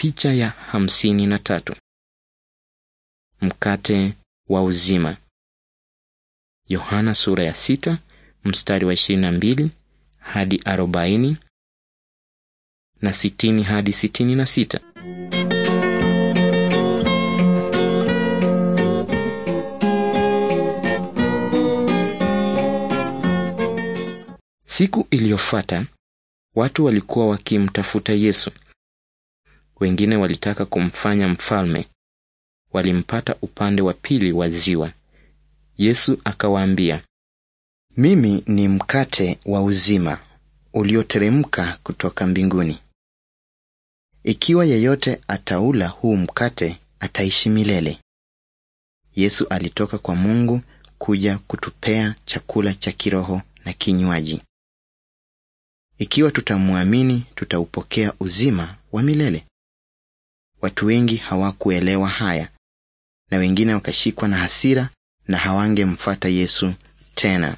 Picha ya hamsini na tatu. Mkate wa uzima. Yohana sura ya sita mstari wa ishirini na mbili hadi arobaini na sitini hadi sitini na sita. Siku iliyofuata watu walikuwa wakimtafuta Yesu. Wengine walitaka kumfanya mfalme, walimpata upande wa pili wa ziwa. Yesu akawaambia, mimi ni mkate wa uzima ulioteremka kutoka mbinguni. Ikiwa yeyote ataula huu mkate, ataishi milele. Yesu alitoka kwa Mungu kuja kutupea chakula cha kiroho na kinywaji. Ikiwa tutamwamini, tutaupokea uzima wa milele. Watu wengi hawakuelewa haya, na wengine wakashikwa na hasira na hawangemfuata Yesu tena.